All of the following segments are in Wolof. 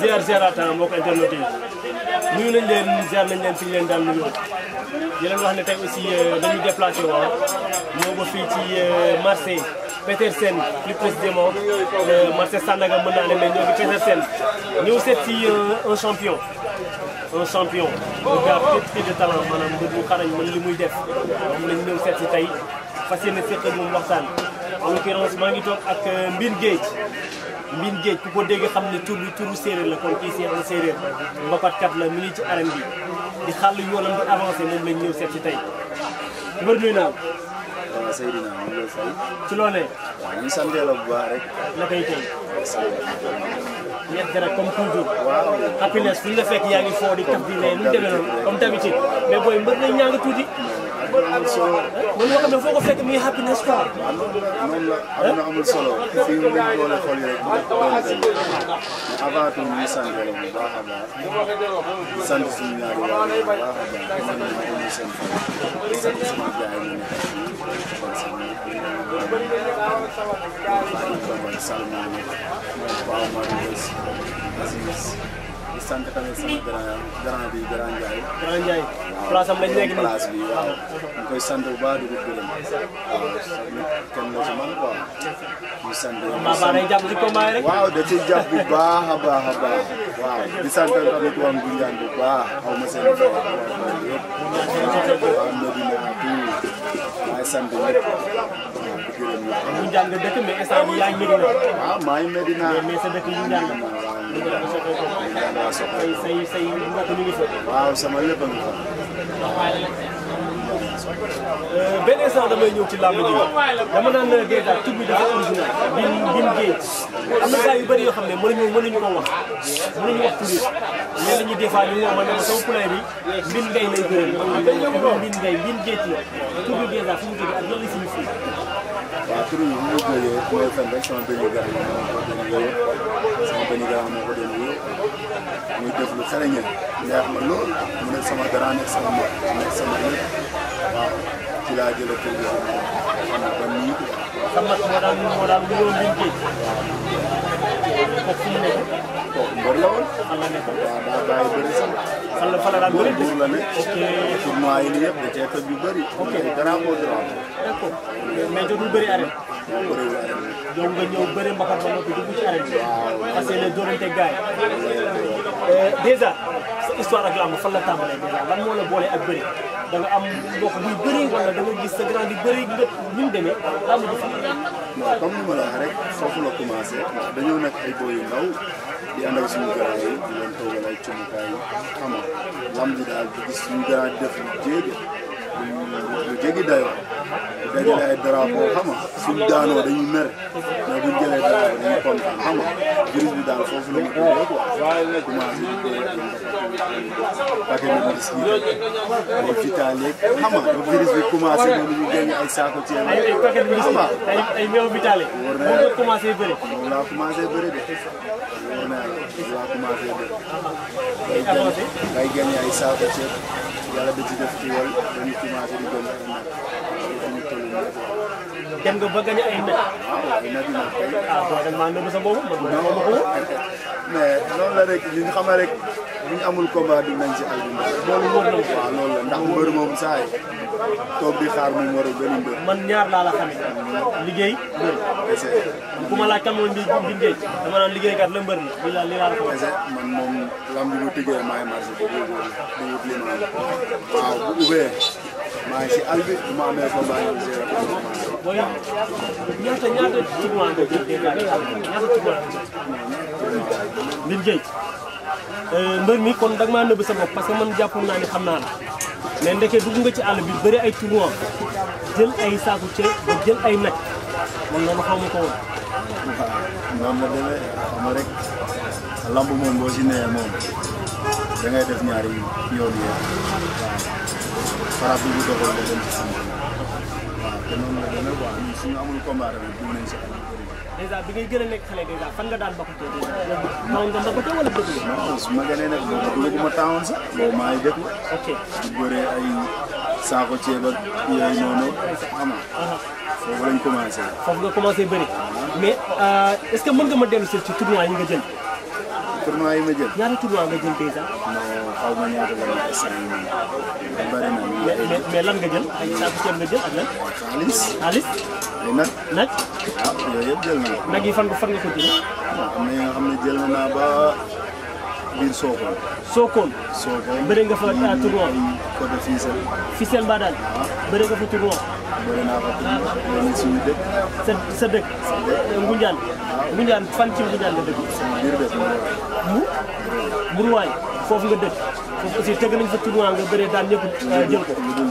ziar ziarata mbokk internet yi nuyu nañ leen ziar nañ leen fi ñu leen daan nuyoo di leen wax ne tey aussi euh, dañu déplacé wa ah. ñoo ba fii ci euh, marché Petersen plus précisément euh, marché Sandaga mën naa ne mais ñoo ngi Petersen ñëw seet si un champion un champion bu gaaw pétri de talent maanaam mbir mu xarañ mën li muy def moom lañ ñëw seet si tey fas yéene séq moom waxtaan en l'occurrence maa ngi toog ak Mbine Gueye mbin géej ku ko dégg xam ne tur bi turu séeréer la kon kii seexal séeréer mbapatkat la mi ngi ci aram bi di xàll yoonam di avancé moom lañ ñëw seet si tey wër nuy naa waaw Seydina ñu ngi ci loolee waaw ñu santee la bu baax rek la koy tey ñett dara comme toujours waaw happiness fu ñu la fekk yaa ngi foo di taf di ne lu demee noonu comme d'habitude mais booy mbër nañ ñaa ngi tuuti amul solo mën nga xam ne foo ko fekk muy happiness quoi noonu la am na amul solo fii mu ngi doole xol yi rek bu def doole dem mais avant tout ñu sant la bu baax a baax sant suñu ñaari waa bu baax a baax man maa ngi ñu sant sant sama jaay ñu nekk fii Salman Pao Marie Aziz di sant tamit sama grand grand bi grand Ndiaye. grand Ndiaye place am bi waaw. ñu koy sant bu baax di ko gërëm. waaw kenn la ci man quoi. ñu sant ñu sant day jàpp ci combat rek. waaw da ciy jàpp bu baax a baax a baax. waaw di sant tamit waa Ngoundiane bu baax xaw ma seen bopp. Medina tout. maa Medina. waaw maa Medina say say mbokk mi ngi fa. waaw sama lépp a ngi fa. Euh, benn instant damay ñëw ci làmb ji dama naan Geita euh, tur bi dafa original bin bin Géej am na gars yu bëri yoo xam ne mënuñu mënuñu ko wax mënuñu wax tur bi mais dañuy des fois ñu woo ma ne ma sama poulain bi bin ngay lay gërëm bin ngay bin Géej la tur bi mu jógee ak lan la signifie tur yi ñu jógee mooy fen rek sama benn gars yi moo ko doon wéy sama benn gars moo ko doon wéy muy def lu xarañ neex ma lool mu nekk sama grand nekk sama mag nekk sama lépp waaw ci laa jëlee tur bi xam nga ban nii sa mag moo daan moo daan wóoroon liñ géej kooku fu mu nekk kooku mbër la woon waaw daa bàyyi bëri sama fan la fan la daan bëri la ne tournoi yi yëpp da cee toj yu bëri. ok grand au grand. d'accord mais jotul bëri arène. yow nga ñëw bëri mbapat ba noppi dugg ci arène bi. parce que les doonante gars yi. Eh, déjà sa histoire ak lamb fan la tàmbalee déjà lan moo la boole ak bëri da nga am ndox muy bëri wala da nga gis sa grand di bëri nga ni mu demee lamb bi fan. non comme ni ma la waxee rek foofu la commencé ndax dañoo nekk ay booy yu ndaw di ànd ak suñu gars yi di leen toogal ay cumukaay xam nga lamb daal di gis ñu gën a def lu jéggi lu jéggi dayoo dajale ay drapeau xam nga suñu daanoo dañuy mere mais buñ jëlee drapeau dañuy kontaan xam nga virus bi daal foofu la ñu tuddee quoi commencé di ko paquet bi gis ñu ay vital yeeg xam nga ba virus bi commencé ba ñu génn ay saako ceeb xam nga ay meew vital yi war na yàlla commencé bëri moom laa commencé bëri de war na yàlla moom laa commencé bëri ngay génn ngay génn ay saako ceeb yàlla da ci def ci wol dañuy commencé di gën a nag dem nga ba gagné ay mbéy. ah boo dem nëbb sa boobu ma ma ko mais loolu la rek li ñu xam rek bu ñu nañ si loolu la ndax mbër moom saa yi toog di xaar moom war a gën mbër man ñaar laa la xamee liggéey mbër ma laaj kan mooy mbi dama naan liggéey kat la mbër la bi la li laa la ko man moom lam bi mu tiggee maay marché bi waaw bu ubbee waaye si àll bi euh, mbër mi kon dag maa nëbb sa bopp parce que man jàppoon naa ni xam naa la mais ndeke dugg nga ci àll bi bëri ay tournoi jël ay saaku ceeb ba jël ay nag man loolu xaw ma ko woon waaw noonu demee xam nga rek lamb moom boo si nee moom da ngay def ñaari yoon yi waaw farab bi ñu dogal nga dem ci suñu waaw te noonu la demee quoi ñun suñu amul combat tamit nañ si dèjà bi ngay gën a nekk xale dèjà fan nga daan bokkutee dèjà. maanaam nga bokkutee wala dëgg ma gënee nag boobu dugguma taawoon sax boobu maa ngi dëkk. ok di bëree ay saako ceeb ak yooyu noonu xam nga. Uh-huh. foofu lañ commencé. foofu nga commencé bëri mais euh, est ce que mën nga ma dellu si ci tournoi yi nga jël. tournoi yi ma jël. ñaata tournoi nga jël déjà. non xaw ma ñaata la ma essayé moom. bari na mais mais lan nga jël ay saako ceeb nga jël ak lan. xaalis xaalis. ay nag nag. waaw ah, yooyu nag yi fan fan biir Sokone. Sokone. Sokone bëri ah. nga fa tournoi. côté Fissel. Fissel Mbadane. bëri nga fa tournoi. bëri naa fa tournoi suñu dëkk. sa sa dëkk. Eh, ah. fan ci Ngunjaan nga dëkk. biir dëkk mu. Mburuwaay nga dëkk. foofu aussi teg nañ fa tournoi nga bëree daan ñëpp ah, jël ko. ñu dul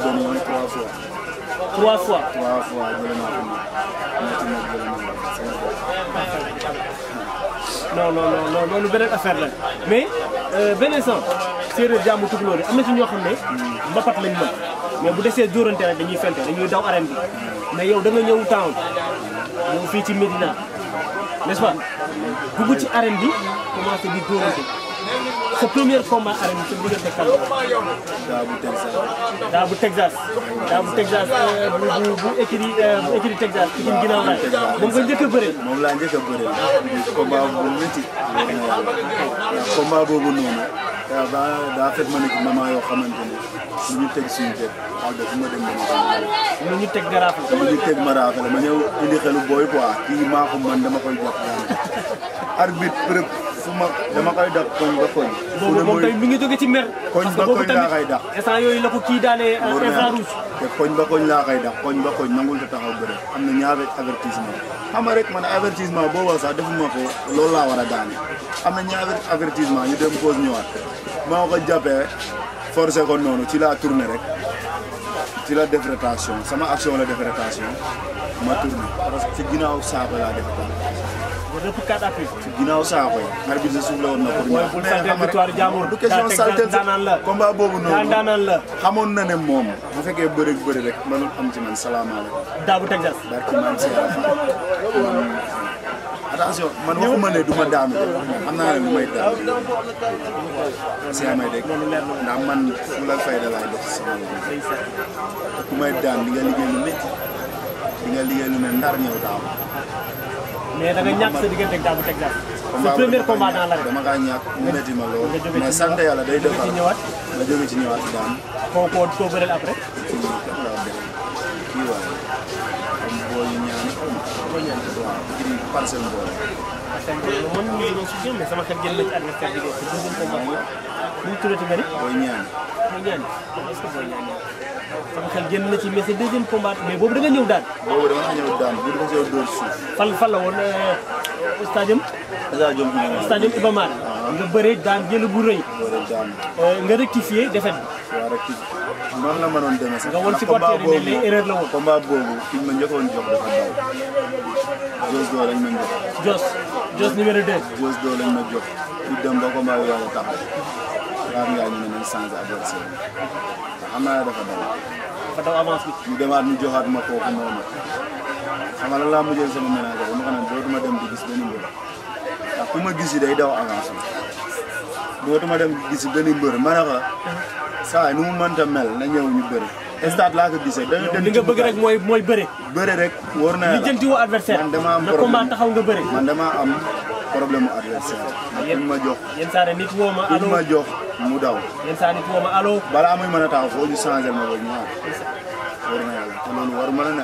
non non non non loolu beneen affaire là mais euh, beneen sens séeréer jàmm tukk loolu am na ci ñoo xamné ne mbapat lañ mën mais bu déssé dóorante rek dañuy fente dañuy daw arène bi mais yow da nga ñëw town ñu fi ci medina n'est-ce pas bu ci arène bi commencé di dóorante sa premier combat arène sa diggante kan daa bu Texas. daa bu Texas. daa bu Texas bu bu bu écrit euh, bu écrit Texas. moom nga njëkk a bëree. moom laa a bëree. bu métti. ma ne ko maman yoo xamante ne ñu teg suñu teg waaw daf ma ñu teg nga raafale. lu ñu teg ma raafale ma ñëw indi xelu booy quoi kii maa ko man dama koy jot daanaka. arbitre fu ma dama koy dàq koñ ba koñ. boobu moom tey mi ngi jóge ci mer. parce que boobu tamit yooyu la ko kii daanee instant rouge. te koñ ba koñ laa koy dàq am na ñaari avertissement xam nga rek man avertissement boobaa sax defuma ko loolu laa war a daane am na ñaari avertissement ñu dem pause ñëwaat maa ko jàppee forcé ko noonu ci laa tourné rek ci la def rotation sama action la def rotation ma tourné parce que ci ginnaaw saako laa def rotation. ci ginnaaw saako yi. arbitre bi suuf la woon na pour ñu. mais xam nga du question saltel sa combat boobu noonu na ne moom bu fekkee bëri bëri rek loolu am ci man salaamaaleykum. daa bu teg des. barki man si attention man ne du ma daanu xam naa ne lu may daanu si amay dégg ndax man fu la fayda laay def si may daan di nga liggéey lu métti di nga liggéey lu ne ndar ñëw daaw. mais da nga ñàkk sa diggante ak Daabu Texas. sa premier combat dans l'arène dama kaa ñàkk mu métti ma lool mais sant yàlla day defar ci ñëwaat nga jóge ci ñëwaat daan koo koo koo bëreel après kii waaye am booy ñaan ñu doon su jëm sama xel jël na ci adversaire bi ko deuxième ñu tuddati nga ni sama xel génn na ci mais sa deuxième combat mais boobu da nga ñëw daan. boobu dama ñëw daan bu dul la woon stadium. Euh, stadium stadium Iba Mar ah. nga bëree daan jël bu rëy. nga euh, rectifié défaite bi. waaw rectifié noonu la ma doon demee nga woon ci porteur yi ne lii erreur la Jos doo lañ ma jox. Jos Jos numéro 2. Jos doo lañ ma dafa am gars ñu ne nañ changé adversaire bi te xam naa dafa daw. dafa daw avance bi. ñu demaat ñu joxaat ma kooku noonu xam nga lan laa mujjee sama ménage ba ma xam ne dootuma dem di gis benn mbër ndax ku ma gis yi day daw avance bi rek mooy mooy bëre. bëre rek wóor na yàlla am. problème mu adversaire. yéen ma jox yéen saa ne nit woo ma allo ma jox mu daw. yéen saa nit woo ma a ma ba ñaar. war na yàlla te loolu war a ne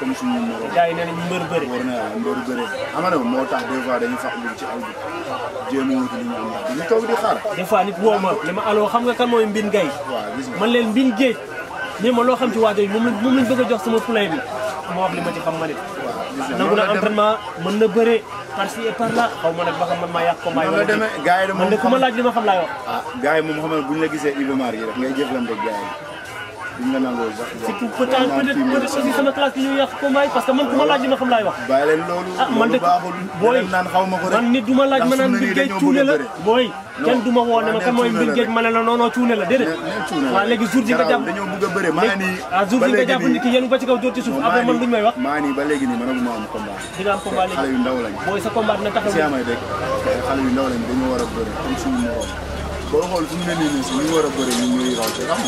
a na yàlla mbër bëre. xam nga moo tax des fois dañuy fàq ci aw bi jéem a wuti li ñu am dañu ma li ma allo xam nga kan mooy Mbine Gueye. waaw gis nga man leen Mbine Gueye. nii ma loo xam ci waajo moom moom lañ bëgg a jox sama poulain bi. wax li ma ci ma nit nangu na entraînement mën na bëre par ci et par là ba xam man maa yàq ko maay wala demee gars yi de man ma laaj li ma xam laay wax ah moom xam ne bu ñu la gisee Ibou Mar yi rek ngay jëflante ak gars surtout peut être peut être peut être aussi sama classe bi ñuy yàq combat yi man ku laaj li ah, ma xam laaj ki yéen ba ci kaw dóor ci wax. ma am boo xool fi mu ne nii nii si ñu war a bëri ñu ñuy raw ci xam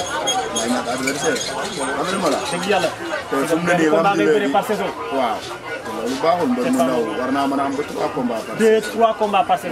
adversaire xam nga ma la. dëgg yàlla te fi mu ne nii lamb léegi waaw te loolu baaxul mbër mu ndaw war naa mën a am ba trois combats par saison. deux trois combats